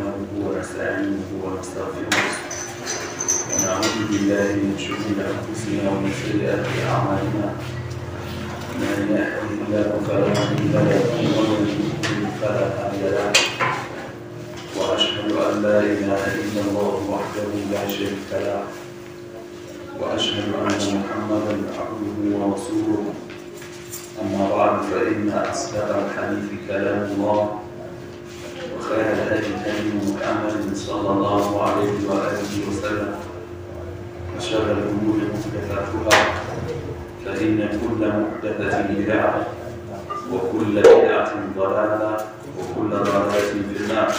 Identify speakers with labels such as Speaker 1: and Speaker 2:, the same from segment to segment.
Speaker 1: نحمده ونستعينه ونستغفره ونعوذ بالله من شرور انفسنا ومن سيئات اعمالنا من يهده الله فلا مضل له ومن يضلل فلا هادي له واشهد ان لا اله الا الله وحده لا شريك له واشهد ان محمدا عبده ورسوله اما بعد فان اصدق الحديث كلام الله خير الهدي هدي محمد صلى الله عليه واله وسلم وشر الامور محدثاتها فان كل محدثه بدعه وكل بدعه ضلاله وكل ضلاله في النار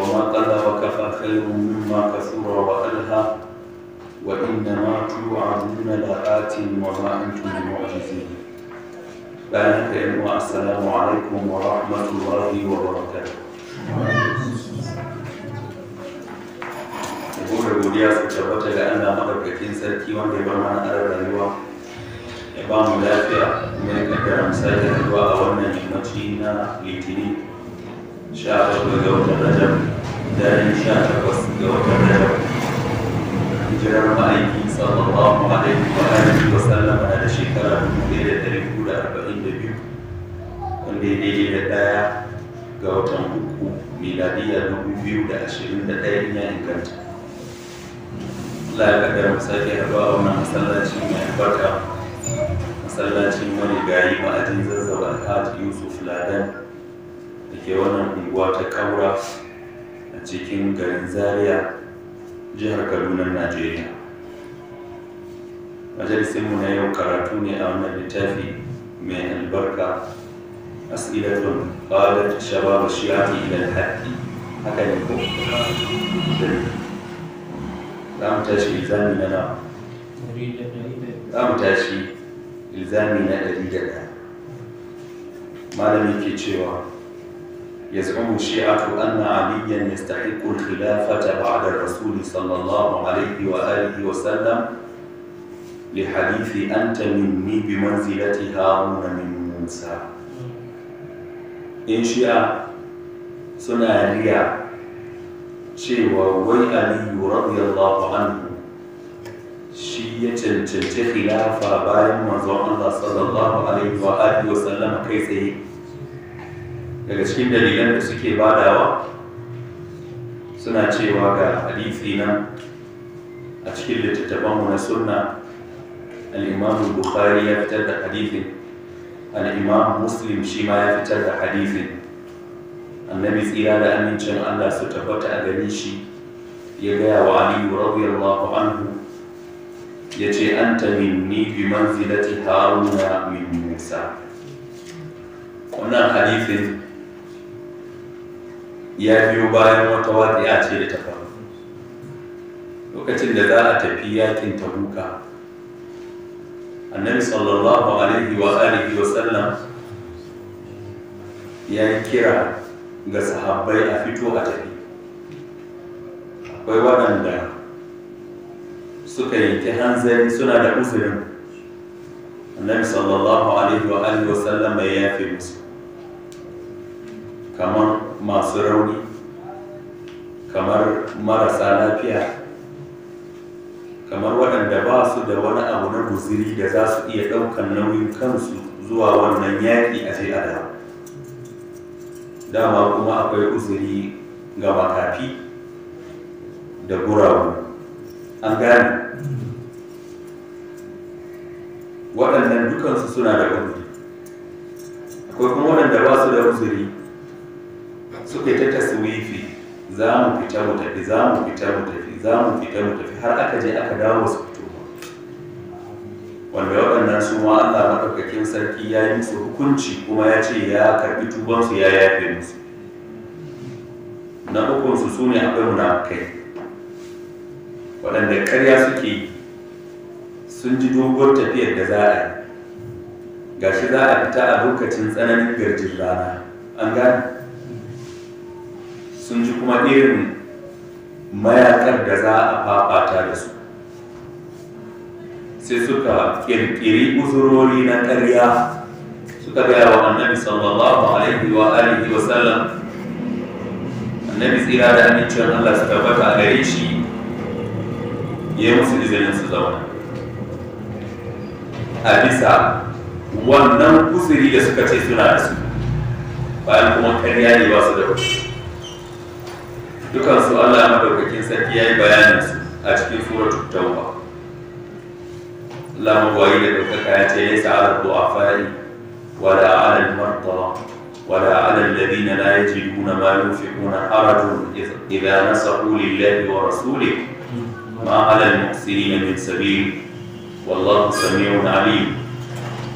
Speaker 1: وما قل وكفى خير مما كثر وألهى وإنما توعدون لآت وما أنتم بمعجزين بارك والسلام عليكم ورحمة الله وبركاته. Burin godiya su tabbata ga Allah madaukakin sarki wanda ya ba mana tsarar rayuwa ya ba mu lafiya kuma ya kaddara misali rayuwa a wannan yammaci na litini sha bakwai ga watan rajab daren sha takwas ga watan rajab hijirar ma'aiki sallallahu alaihi wa alihi wa sallam na da shekara dubu ɗaya da ɗari hudu da arba'in da biyu wanda ya daidai da ɗaya ga watan uku miladiyya dubu biyu da ashirin da ɗaya in ya inganta Allah ya kaddara mu sake haɗuwa a wannan masallaci mai albarka masallacin marigayi ma'ajin zazzaba alhaji yusuf ladan da ke wannan unguwa ta kaura a cikin garin zaria jihar kaduna najeriya majalisinmu na yau karatu ne a wannan littafi mai albarka asilatun qalat shabab shababu ila al-haqqi haka ne ko za mu tashi ilzami na nawa za mu tashi ilzami na ɗari da ɗaya malami ke cewa يزعم الشيعه ان عليا يستحق الخلافه بعد الرسول صلى الله عليه واله وسلم لحديث انت مني بمنزله هارون من موسى ان شئ سنة ريا شيء وي علي رضي الله عنه شي خلافه بعد منظور الله صلى الله عليه واله وسلم كيف هي daga cikin dalilan da suke badawa suna cewa ga hadisi nan a cikin littattafanmu na sunna al'imam bukhari ya fitar da hadisin, al'imam muslim shi ma ya fitar da hadisin. annabi tsira da amincin allah su tabbata a gani shi ya gaya wa aliyu radiyallahu anhu ya ce an ta minni bi manzilati haruna min musa wannan hadisin ya biyo bayan wata ya ce da ta faru lokacin da za a tafi yakin tabuka annabi sallallahu alaihi wa alihi wa sallam ya kira ga sahabbai a fito a tafi akwai waɗanda suka ta hanzari suna da uzurin annabi sallallahu alaihi wa alihi wa sallam ya yafe musu kamar masu rauni kamar marasa lafiya kamar waɗanda ba su da wani abu na guziri da za su iya ɗaukan nauyin kansu zuwa wannan yaƙi a ce a dama kuma akwai uzuri ga makafi da guragu an gane waɗannan dukansu suna da uzuri akwai kuma waɗanda ba su da uzuri suka yi ta taswifi za mu fita mu tafi za mu fita mu tafi za mu fita mu tafi har aka je aka dawo su fito ma wanda waɗannan su ma Allah maɗaukakin sarki ya yi musu hukunci kuma ya ce ya karɓi tubansu ya yafe musu na ukunsu su ne akwai munafukai waɗanda karya suke sun ji doguwar tafiyar da za a yi gashi za a fita a lokacin tsananin garjin rana an gane sun ji kuma irin mayakar da za a fafata da su sai suka kirkiri uzurori na ƙarya suka gaya wa annabi sallallahu alaihi wa alihi wa sallam annabi tsira da amincin Allah su tabbata a gare shi ya yi musu izinin su zauna a bisa wannan kusuri da suka ce suna da su bayan kuma ƙarya ne ba su da wasu dukan su Allah madaukakin sarki yayi bayanin su a cikin suratul tauba Allah mu wayi da daukaka ya ce laysa ala du'afai wala ala al-marda ولا على الذين لا يجدون ما ينفقون حرج إذا نصحوا لله ورسوله ما على المحسنين من سبيل والله سميع عليم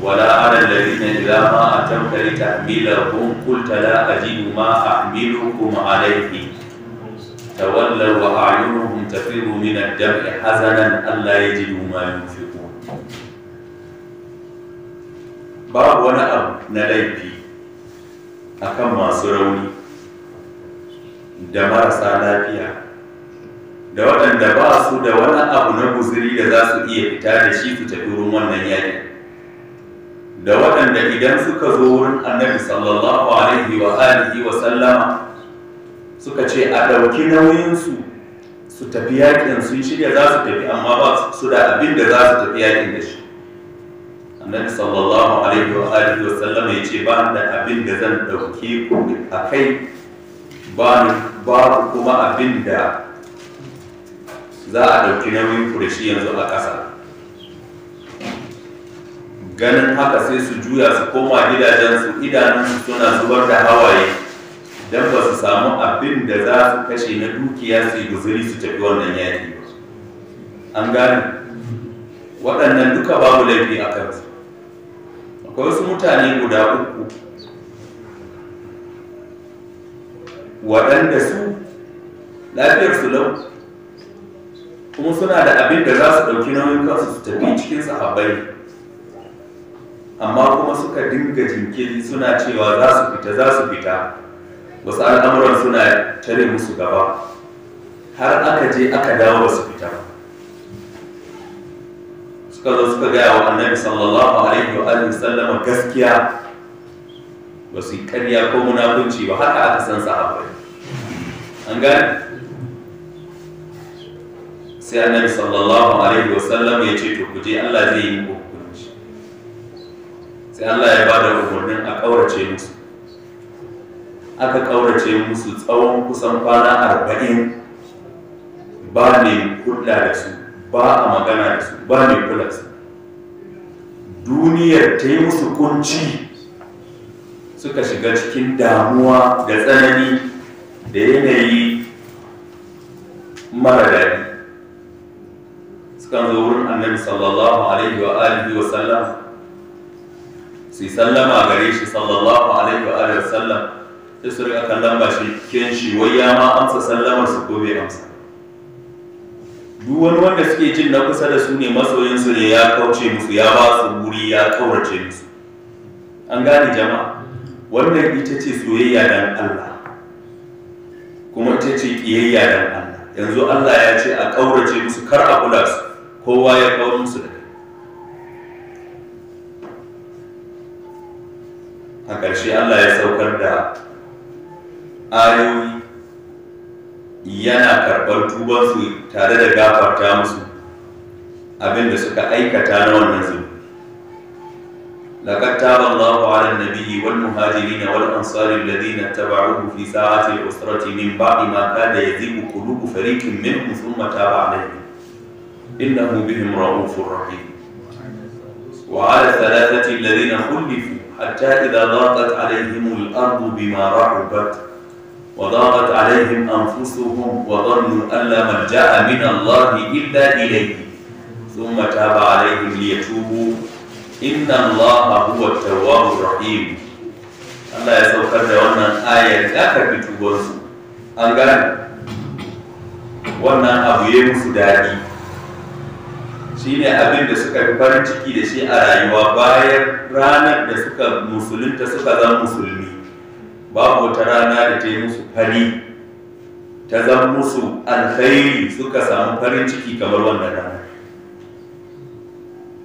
Speaker 1: ولا على الذين إذا ما أتوك لتحملهم قلت لا أجد ما أحملكم عليه tawallar wa a'yunuhum tafiru min ad-dam'i hazanan ya yajidu ma yunfiqun babu wani abu na laifi akan masu rauni da marasa lafiya da waɗanda ba su da wani abu na guziri da za su iya fita da shi su tafi wurin wannan yaƙi da waɗanda idan suka zo wurin annabi sallallahu alaihi wa alihi wa sallama suka ce a ɗauki nauyinsu su tafi yakin sun shirya za su tafi amma ba su da abin da za su tafi yakin da shi annabi sallallahu alaihi wa alihi wa sallama ya ce ba da abin da zan ɗauki ku a kai ba babu kuma abin da za a ɗauki nauyin ku da shi yanzu a ƙasa ganin haka sai su juya su koma gidajensu idanun suna zubar da hawaye dan ba su samu abin da za su kashe na dukiya su yi guzuri su tafi wannan yaki ba an gane waɗannan duka babu laifi a kansu akwai wasu mutane guda uku waɗanda su lafiyar su lau kuma suna da abin da za su ɗauki nauyin kansu su tafi cikin sahabbai amma kuma suka dinga jinkiri suna cewa za su fita za su fita wasu al'amuran suna tare musu gaba har aka je aka dawo ba su fita suka zo suka gaya wa annabi sallallahu alaihi wa alihi sallama gaskiya ba su yi ko munafunci ba haka aka san sahabbai an gane sai annabi sallallahu alaihi wa sallam ya ce to ku je Allah zai yi muku hukunci sai Allah ya bada umarnin a kaurace musu aka ƙaurace musu tsawon kusan kwana arba'in ba ne kula da su ba a magana da su ba ne kula su duniyar ta yi musu kunci suka shiga cikin damuwa da tsanani da yanayi mara daɗi sukan zo wurin annabi sallallahu alaihi wa alihi wa sallam su yi sallama gare shi sallallahu alaihi wa alihi wa sallam sai su rika kallon ba shi ken shi wai ya ma amsa sallamar su ko bai amsa duk wani wanda suke jin na kusa da su ne masoyinsu ne ya kauce musu ya ba su wuri ya kaurace musu an gane jama'a wannan ita ce soyayya dan Allah kuma ita ce kiyayya dan Allah yanzu Allah ya ce a kaurace musu kar a kula su kowa ya kawar musu da a ƙarshe Allah ya saukar da ayoyi yana karɓar tubansu tare da gafarta musu abin da suka aikata na wannan zunubi لقد تاب الله على النبي والمهاجرين والأنصار الذين اتبعوه في ساعة الأسرة من بعد ما كاد يذيب قلوب فريق منهم ثم تاب عليهم إنه بهم رؤوف رحيم وعلى الثلاثة الذين خلفوا حتى إذا ضاقت عليهم الأرض بما رحبت وضاقت عليهم أنفسهم وظنوا أن لا ملجأ من الله إلا إليه ثم تاب عليهم ليتوبوا إن الله هو التواب الرحيم Allah ya saukar da wannan ayar ya karbi tubarsu an gane wannan abu ya musu daɗi shi ne abin da suka fi farin ciki da shi a rayuwa bayan ranar da suka musulunta suka zama musulmi babu wata rana da ta yi musu fari ta zama musu alkhairi suka samu farin ciki kamar wannan rana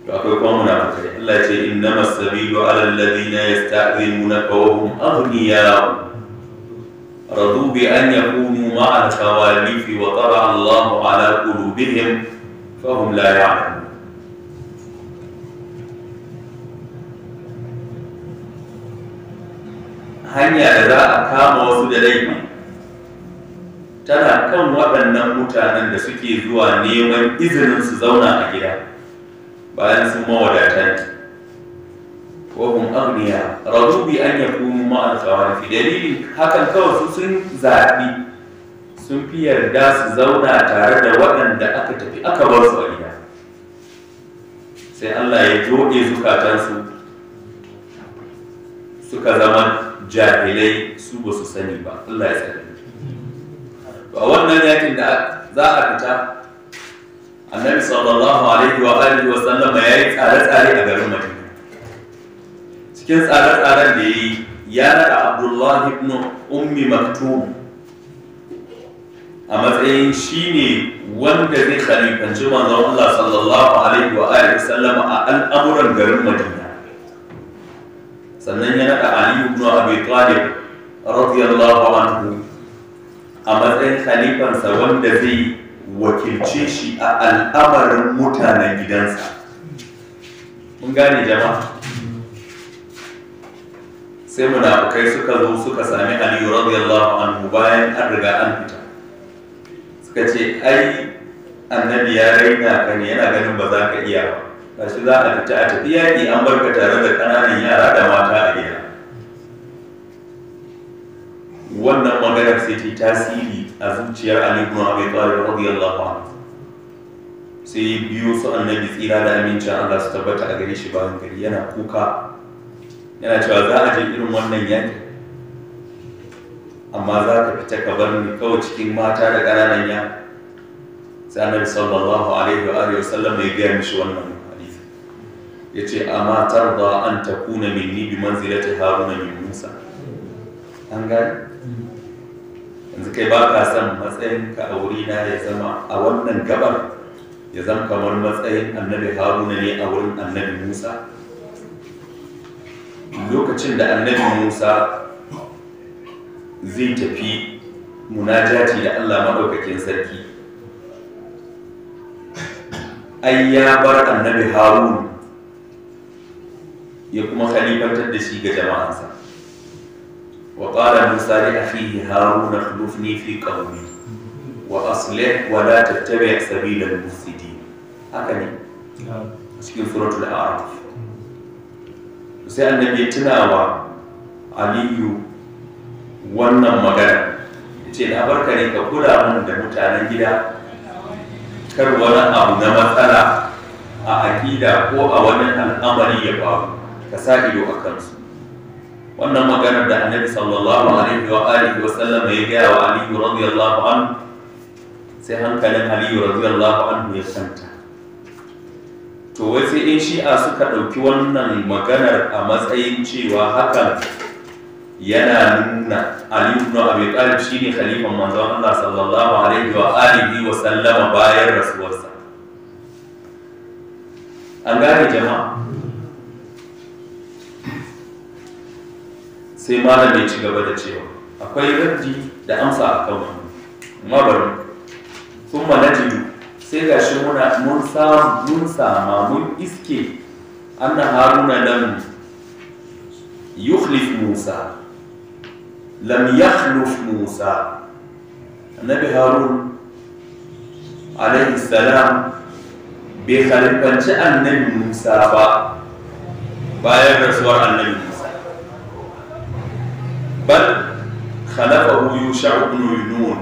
Speaker 1: to akwai kuma munafikai Allah ce innamas sabilu alal ladina yasta'zinunaka wa hum aghniya'u رضوا بأن يكونوا wa الخوالف وطبع الله على قلوبهم فهم لا يعلمون hanya da za a kama wasu da laifin. tana kan waɗannan mutanen da suke zuwa neman izinin su zauna a gida bayan sun mawadata ne wa hum aghniya radu bi an yakunu ma al fi dalili hakan kawai su sun zaɓi sun fi yarda su zauna tare da waɗanda aka tafi aka bar su a gida sai Allah ya jode zukatansu suka zama jahilai su ba su sani ba Allah ya sani to a wannan yakin da za a fita annabi sallallahu alaihi wa alihi wa sallam, ya yi tsare-tsare a garin Madina cikin tsare-tsaren da ya yi ya naɗa Abdullahi ibn Ummi Maktum a matsayin shi ne wanda zai khalifanci manzon Allah sallallahu alaihi wa alihi wa sallam, a al'amuran garin Madina sannan ya naɗa Aliyu, ibn Abi Talib radiyallahu anhu a matsayin khalifansa wanda zai wakilce shi a al'amarin mutanen gidansa mun gane jama'a sai munafukai suka zo suka sami Ali radiyallahu anhu bayan an riga an fita suka ce ai annabi ya raina ka ne yana ganin ba za ka iya ba kashi za a fita a tafi yaƙi an barka tare da ƙananan yara da mata a gida wannan maganar sai ta tasiri a zuciyar Ali ibn Abi Talib radiyallahu anhu sai biyo su annabi tsira da amincin Allah su tabbata a gare shi bayan gari yana kuka yana cewa za a je irin wannan yaƙi amma za ka fita ka bar ni kawai cikin mata da ƙananan yara sai annabi sallallahu alaihi wa alihi wa sallam ya gaya mishi wannan Ya ce a amma tarda an takuna minni bi manzilati haruna min musa an gane yanzu kai ba ka san matsayin ka a wurina ya zama a wannan gabar ya zama kamar matsayin annabi haruna ne a wurin annabi musa lokacin da annabi musa zai tafi munajati da allah maɗaukakin sarki ai ya bar annabi haruna ya kuma khalifantar da shi ga jama'ansa wa qala musa li akhihi harun akhlifni fi qawmi wa aslih wa la tattabi' sabila al musidi haka ne a cikin suratul a'raf sai annabi ya wa aliyu wannan magana Ya ce na barka ne ka kula mun da mutanen gida kar wani abu na matsala a aƙida ko a wani al'amari ya faru ka sa ido a kansu wannan maganar da annabi sallallahu alaihi wa alihi wa sallam ya gaya wa aliyu radiyallahu anhu sai hankalin aliyu radiyallahu anhu ya kanta to wai sai in shi'a suka ɗauki wannan maganar a matsayin cewa hakan yana nuna Ali ibn Abi Talib shine khalifan manzon Allah sallallahu alaihi wa alihi wa sallama bayan rasuwarsa an gane jama'a sai malam ya ci gaba da cewa akwai raddi da amsa a kan amma bari sun manajiyu sai ga shi muna mun samu mun iske an na haruna lam yukhlif musa lam yakhluf musa annabi harun alaihi salam bai khalifanci annabi musa ba bayan rasuwar annabi musa bal khalafahu yusha ibn yunun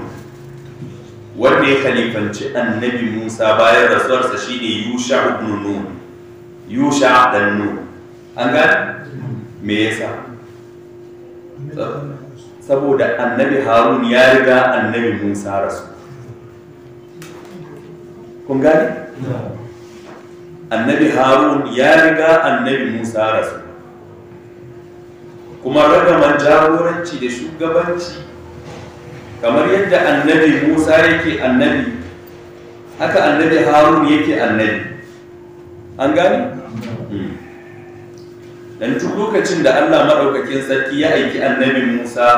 Speaker 1: wanda ya khalifanci annabi Musa bayan rasuwarsa shine yusha ibn nun yusha dan nun an ga me yasa saboda annabi Harun ya riga annabi Musa rasu kun gane annabi Harun ya riga annabi Musa rasu kuma ragaman jagoranci da shugabanci kamar yadda annabi musa yake annabi haka annabi harun yake annabi an gani? dan tun lokacin da allah maɗaukakin sarki ya aiki annabi musa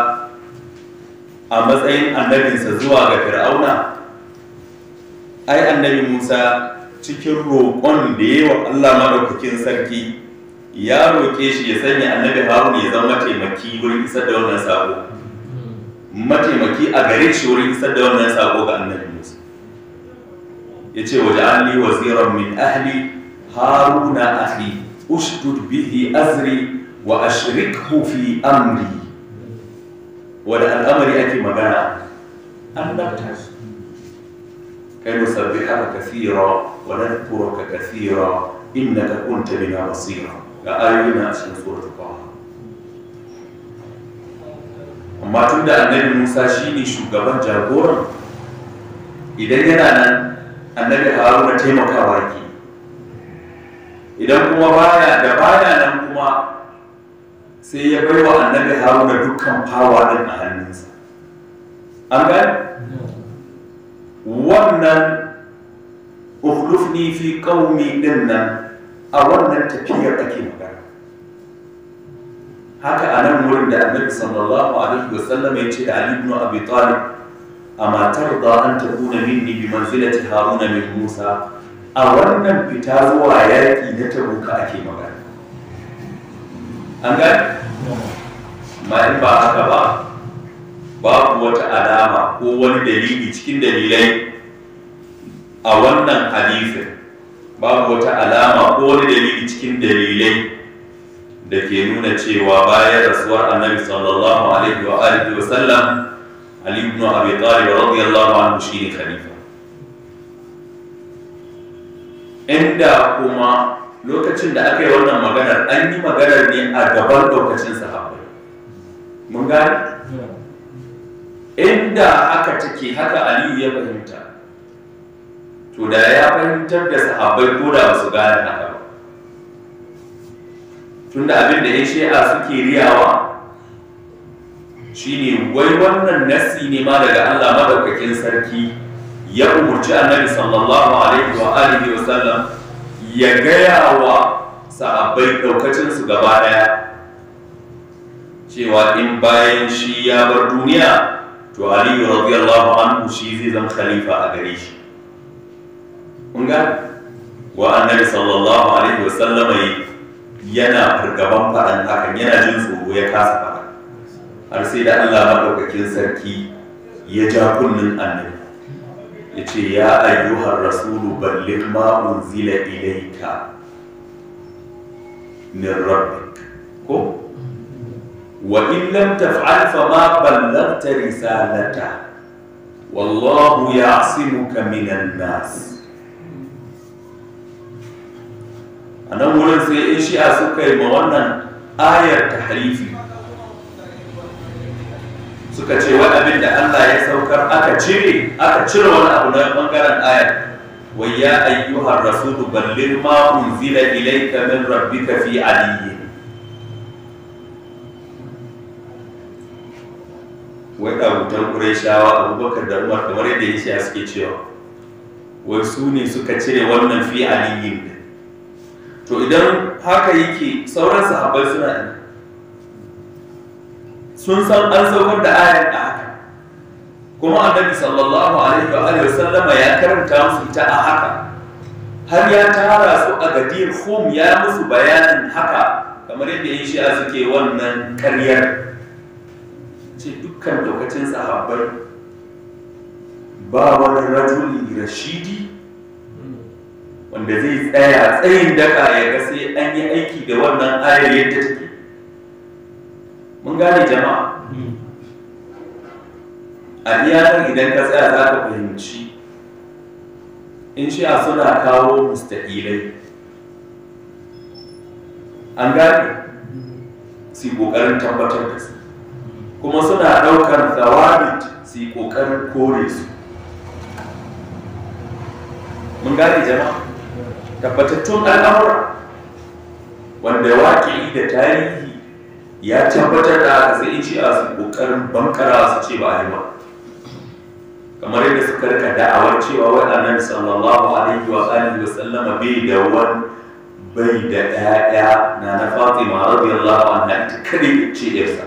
Speaker 1: a matsayin annabinsa zuwa ga fir'auna ai annabi musa cikin roƙon da wa allah maɗaukakin sarki ya roƙe shi ya sanya annabi harun ya zama mataimaki wurin isar da wannan sako mataimaki a gare shi wurin isar da wannan sako ga annabi musa ya ce wa ja'alni waziran min ahli haruna akhi ushdud bihi azri wa ashrikhu fi amri wanda al'amari ake magana annabta kai musabbiha kathira wa nadhkuruka kathira innaka kunta bina basira ga ayoyi na cikin suratul amma tun da annabi Musa shi ne shugaban jagoran idan yana nan annabi Haruna taimakawa yake idan kuma baya da baya nan kuma sai ya bai baiwa annabi Haruna dukkan fawa din a hannunsa an gani wannan ukhlufni fi qaumi din nan a wannan tafiyar ake magana haka a nan wurin da annabi sallallahu alaihi wasallam ya ce da ali ibn abi talib amma tarda an takuna minni bi manzilati haruna min musa a wannan fita zuwa yaki na tabuka ake magana an gani ma ba haka ba babu wata alama ko wani dalili cikin dalilai a wannan hadisin babu wata alama ko wani dalili cikin dalilai da ke nuna cewa bayan rasuwar annabi sallallahu alaihi wa alihi wa sallam ali ibn abi talib radiyallahu anhu shine khalifa inda kuma lokacin da aka yi wannan maganar an yi maganar ne a gaban lokacin sahabbai mun gane inda haka take haka aliyu ya fahimta to da ya fahimtar da sahabbai ko da ba su gane haka ba tunda abin da ya shi'a suke riyawa shine wai wannan nassi ne ma daga Allah madaukakin sarki ya umurci annabi sallallahu alaihi wa alihi wa sallam ya gaya wa sahabbai daukacin su gaba daya cewa in bayan shi ya bar duniya to aliyu radiyallahu anhu shi zai zama khalifa a gare shi kun ga wa annabi sallallahu alaihi wasallam yana fargaban faɗan hakan yana jin tsoro ya kasa faɗa har sai da Allah maɗaukakin sarki ya ja kunnin annabi ya ce ya ayyuhar rasulu balligh ma unzila ilayka min rabbik ko wa in lam taf'al fa ma ballaghta risalata wallahu ya'simuka minan nas a nan wurin sai in shi'a suka yi ma wannan ayar ta harifi suka ce wani abin da allah ya saukar aka cire aka cire wani abu na bangaren ayar ويا أيها الرسول بلغ ما أنزل إليك من ربك في علي wai ɗabutan ƙurayshawa abubakar da umar kamar yadda ya suke cewa wai su ne suka cire wannan fi aliyin to idan haka yake sauran sahabbai suna da sun san an saukar da ayar a haka kuma annabi sallallahu alaihi wa sallama ya karanta musu ta a haka har ya tara su a gadir hum ya musu bayanin haka kamar yadda yin a suke wannan karyar ce dukkan lokacin sahabbai ba wani rajuli rashidi wanda zai tsaya tsayin daka ya ga sai an yi aiki da wannan ayar yadda take mun gane jama'a a iyakar idan ka tsaya za ka fahimci in shi a suna kawo mustaƙilai an gane su ƙoƙarin tabbatar da su kuma suna ɗaukar zawabit su yi ƙoƙarin kore su mun gane jama'a tabbatattun al'amura wanda waƙi da tarihi ya tabbatar da haka sai ce a su ƙoƙarin bankara su ce ba a yi ba kamar yadda suka rika da'awar cewa waɗannan sallallahu alaihi wa alihi wa sallama bai da wani bai da ɗaya na na fatima radiyallahu anha ita kada ce yarsa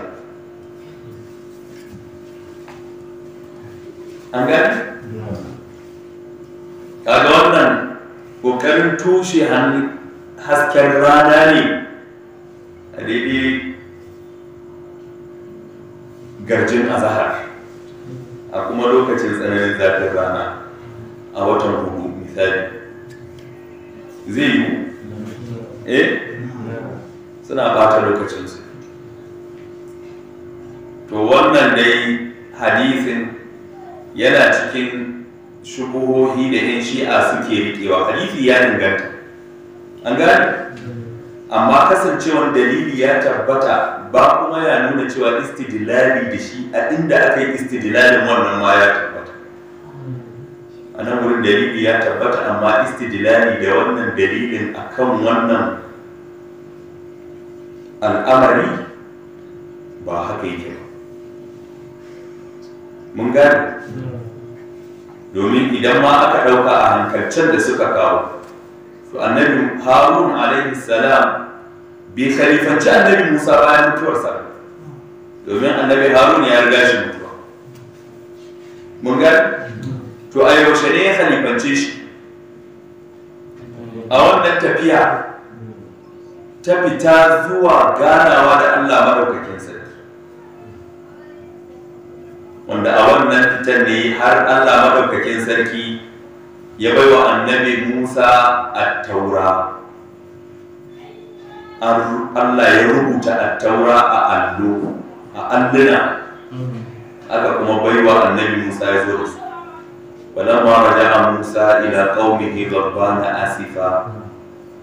Speaker 1: an gani kaga wannan ƙoƙarin tushe hasken rana ne a daidai garjin azahar a kuma lokacin tsananin zafin rana a watan hudu misali zai yi eh suna bata lokacinsu to wannan dai hadisin yana cikin shubuhohi da yan shi'a suke riƙewa hadisi ya danganta an gane amma kasancewar dalili ya tabbata ba kuma ya nuna cewa istidlali da shi a inda aka yi istidilalin wannan ma ya tabbata a nan wurin dalili ya tabbata amma istidlali da wannan dalilin akan wannan al'amari ba haka yake ba mun gane domin idan ma aka ɗauka a hankalcen da suka kawo to annabi harun alaihi salam bai khalifanci annabi musa bayan mutuwarsa domin annabi harun ya riga shi mutuwa mun ga to a yaushe ne ya khalifance shi a wannan tafiya ta fita zuwa ganawa da allah maɗaukakin sarki wanda a wannan fitan ne har Allah madaukakin sarki ya bai wa annabi Musa at-taura Allah ya rubuta at-taura a allo a alluna aka kuma bai wa annabi Musa ya zo da su ولما رجع موسى إلى قومه غضبان آسفا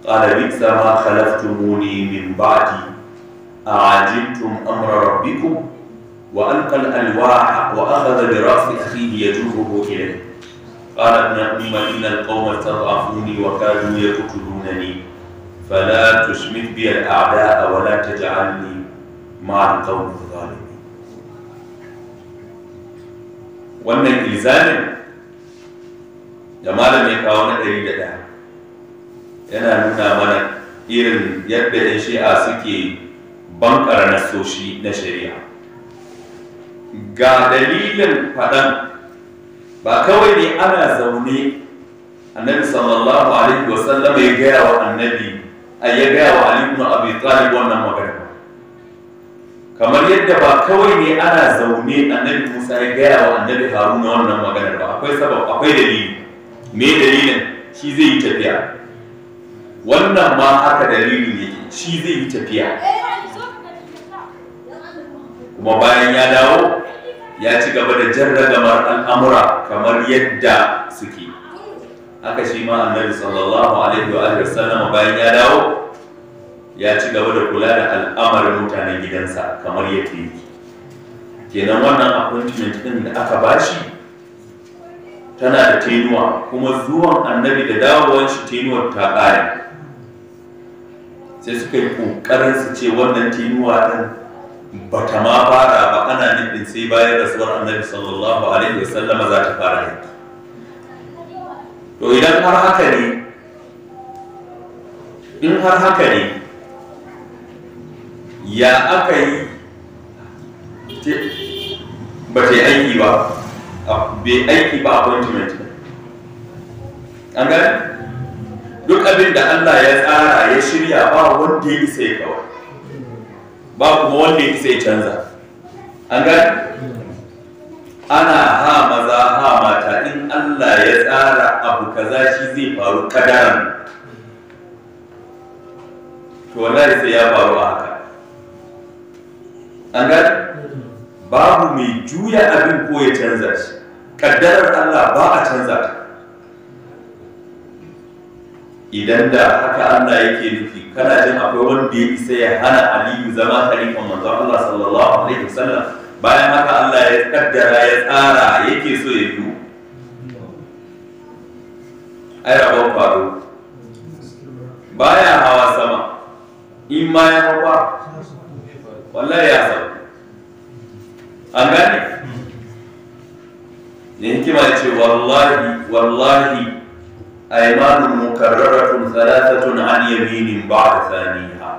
Speaker 1: قال بئس ما خلفتموني من بعدي أعجبتم أمر ربكم وألقى الألواح وأخذ برأس أخيه يجره إليه قال ابن أم إن القوم استضعفوني وكادوا يقتلونني فلا تشمت بي الأعداء ولا تجعلني مع القوم الظالمين وأن الإنسان da malam ya kawo na ɗari da ɗaya yana nuna mana irin yadda 'yan shi'a suke bankara na shari'a ga dalilin faɗan ba kawai ne ana zaune annabi sallallahu alaihi wa sallama ya gaya wa annabi A ya gaya wa ali ibn abi talib wannan magana kamar yadda ba kawai ne ana zaune annabi musa ya gaya wa annabi haruna wannan magana ba akwai sabab akwai dalili me dalilin shi zai yi tafiya wannan ma haka dalilin ne shi zai yi tafiya kuma bayan ya dawo ya ci gaba da jarragamar al'amura kamar yadda suke Aka shi ma annabi sallallahu alaihi wa alihi wasallam bayan ya dawo ya ci gaba da kula da al'amarin mutanen gidansa kamar yadda yake kenan wannan appointment din da aka ba shi? tana da tenuwa kuma zuwan annabi da dawowar shi tenuwar ta ƙare sai suka yi ƙoƙarin su ce wannan tenuwa din ba ta ma fara ba ana nufin sai bayan rasuwar annabi sallallahu alaihi wa sallama za ta fara yanki to idan har haka ne in har haka ne ya aka yi ba ta yi aiki ba bai aiki ba appointment an gani duk abin da Allah ya tsara ya shirya ba wanda ya isa ya kawai ba kuma wanda ya sai ya canza an gani ana ha maza ha mata in Allah ya tsara abu kaza shi zai faru kadaran to wallahi sai ya faru a haka an gani babu mai juya abin ko ya canza shi kaddarar Allah ba a canza ta idan da haka Allah yake nufi kana jin akwai wanda ya isa ya hana Aliyu zama khalifan manzo Allah sallallahu alaihi wasallam bayan haka Allah ya kaddara ya tsara yake so ya yi ai rabo faru baya hawa sama in ma ya hawa wallahi ya sa an gane ne hikima ce wallahi wallahi أيمان مكررة ثلاثة عن يمين بعد ثانيها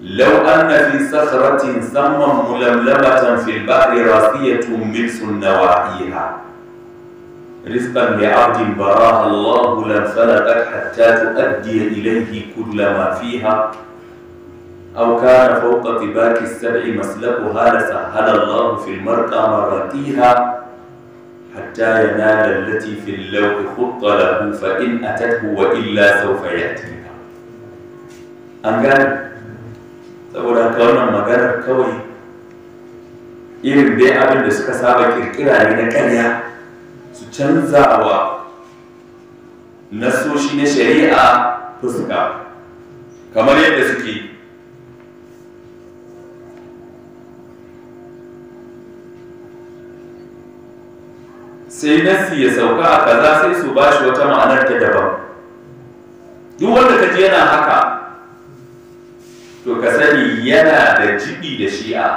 Speaker 1: لو أن في صخرة سما ململمة في البحر راسية ملس نواحيها رزقا لعبد براها الله لانفلتت حتى تؤدي إليه كل ما فيها أو كان فوق طباك السبع مسلكها لسهل الله في المرقى مراتيها hatta yanala allati fil lawhi khutta lahu fa in atathu wa illa sawfa an saboda haka wannan maganar kawai irin dai abin da suka saba kirkira ne na karya su canza wa nasoshi na shari'a fuska kamar yadda suke sai nasi ya sauka a kaza sai su ba shi wata ma'anar ta daban duk wanda ka ji yana haka to ka sani yana da jibi da shi'a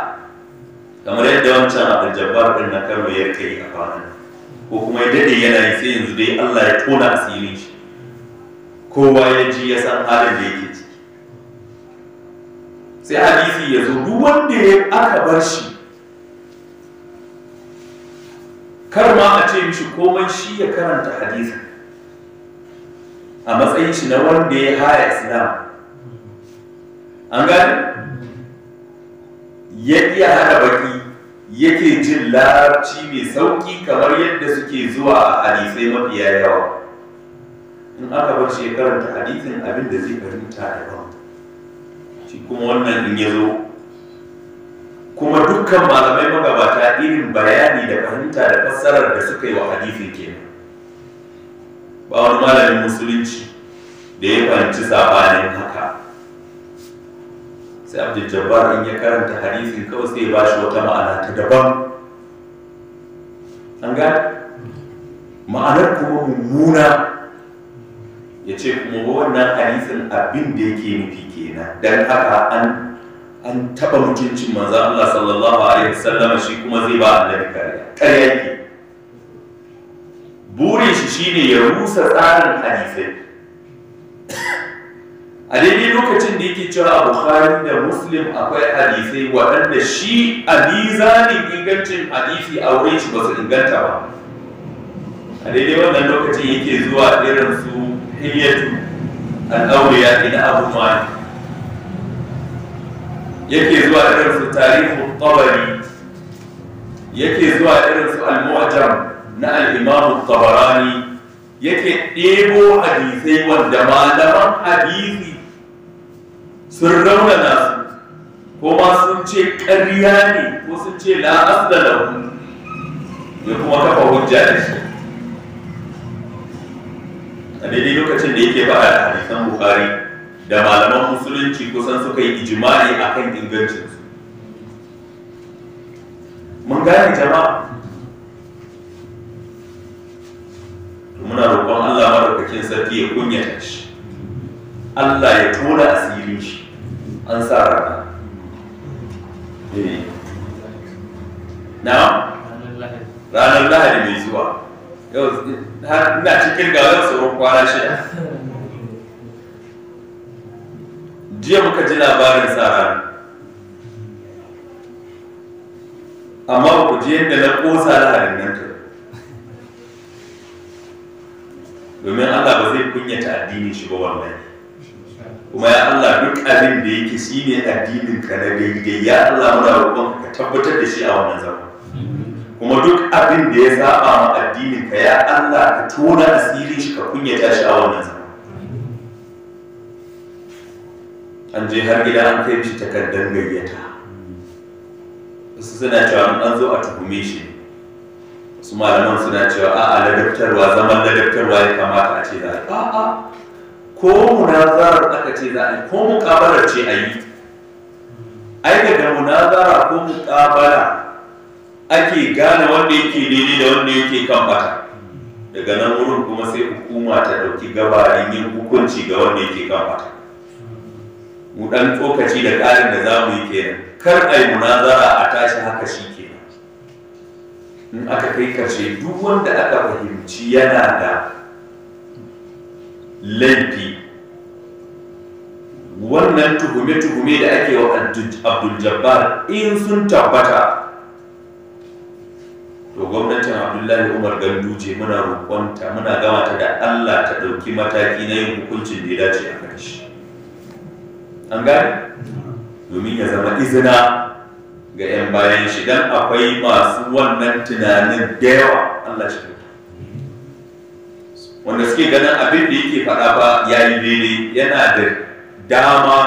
Speaker 1: kamar yadda wancan abin jabbar din na kano ya kai a kwanan ko kuma ya daɗe yana yi sai yanzu dai Allah ya tona asirin shi kowa ya ji ya san halin da yake ciki sai hadisi ya zo duk wanda ya aka bar shi kar ma a ce mishi komai shi ya karanta hadisi a matsayin shi na wanda ya haya islam an gani ya iya hada baki yake jin larabci mai sauki kamar yadda suke zuwa a hadisai mafiya yawa in aka bar shekarar ta hadisin abinda da zai fahimta daban shi kuma wannan in ya zo kuma dukkan malamai magabata irin bayani da fahimta da fassarar da suka yi wa hadisin kenan ba wani malamin musulunci da ya fahimci sabanin haka sai abdul jabbar in ya karanta hadisin kawai sai ya ba shi wata ma'ana ta daban an ga? ma'anar kuma mummuna ya ce kuma wannan hadisin abin da yake nufi kenan don haka an an taɓa mutuncin manzan Allah sallallahu alaihi wasallam shi kuma zai ba annabi kariya kariya burin shi shine ya rusa tsarin hadisai a daidai lokacin da yake cewa a bukari da muslim akwai hadisai waɗanda shi a mizanin ingancin hadisi a wurin shi ba su inganta ba a daidai wannan lokacin yake zuwa irin su hiyatu al'auriya ina abu mani yake zuwa irin su tarihu tabari yake zuwa irin su al-mu'jam na al-imam tabarani yake ɗebo hadisai wanda malaman hadisi sun raunana su kuma sun ce ƙarya ne ko sun ce la asda ya kuma kafa hujja da shi a daidai lokacin da yake ba a hadisan bukari da malaman musulunci kusan suka yi ijimai akan ingancinsu mun gane jama'a muna roƙon Allah madaukakin sarki ya kunyata shi Allah ya tura asirin shi an sa rana eh. na ranar lahadi mai zuwa yau ina cikin gawar tsoron kwana shida jiya muka ji labarin tsara amma ba ku ji yadda na ƙosa laharin nan ta domin Allah ba zai kunyata addinin shi ba wannan kuma ya Allah duk abin da yake shi ne addinin ka na daidai ya Allah muna roƙon ka tabbatar da shi a wannan zama kuma duk abin da ya saba ma addinin ka ya Allah ka tona asirin shi ka kunyata shi a wannan zama an je har gida an kai shi takardar gayyata wasu suna cewa an zo a tuhume shi wasu malaman suna cewa a'a ladabtarwa zaman ladabtarwa ya kamata a ce za a a'a ko munazarar aka ce za a yi ko muƙabarar ce a yi ai daga munazara ko muƙabara ake gane wanda yake daidai da wanda yake kan bata daga nan wurin kuma sai hukuma ta ɗauki gabarin yin hukunci ga wanda yake kan bata mu dan tsokaci da ƙarin da za mu yi kenan kar a yi munazara a tashi haka shi kenan in aka kai karshe duk wanda aka fahimci yana da laifi wannan tuhume-tuhume da ake wa abdul jabbar in sun tabbata to gwamnatin abdullahi umar ganduje muna roƙonta muna gama ta da allah ta ɗauki mataki na yin hukuncin da ya dace a kan an gane domin ya zama izina ga 'yan bayan shi don akwai masu wannan tunanin da yawa Allah shi wanda suke ganin abin da yake faɗa ba ya yi daidai yana da dama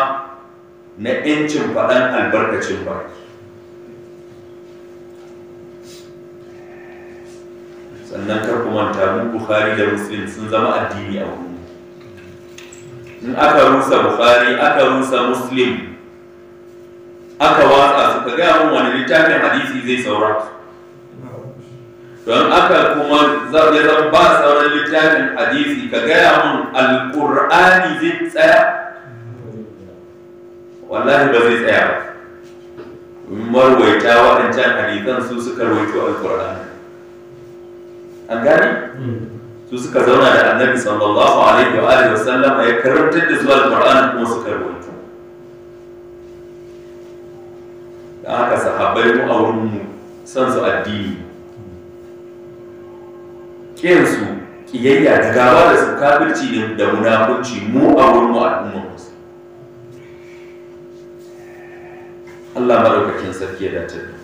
Speaker 1: na 'yancin faɗan albarkacin ba. sannan kar ku manta mun Bukhari da Muslim sun zama addini a wurin in aka rusa bukhari aka rusa muslim aka watsa su ka gaya mun wani littafin hadisi zai saura don aka kuma ya zan ba sauran littafin hadisi ka gaya mun alƙur'ani zai tsaya wallahi ba zai tsaya ba marwaita waɗancan hadisan su suka rawaito alƙur'ani an gane hmm. su suka zauna da annabi sallallahu alaihi wa alihi wasallam ya karantar da zuwa alqur'ani kuma suka rubuta da haka sahabbai mu wurin mu san su addini kiyan su kiyayya da gaba da su kafirci da munafunci mu wurin mu al'umma Allah madaukakin sarki ya dace da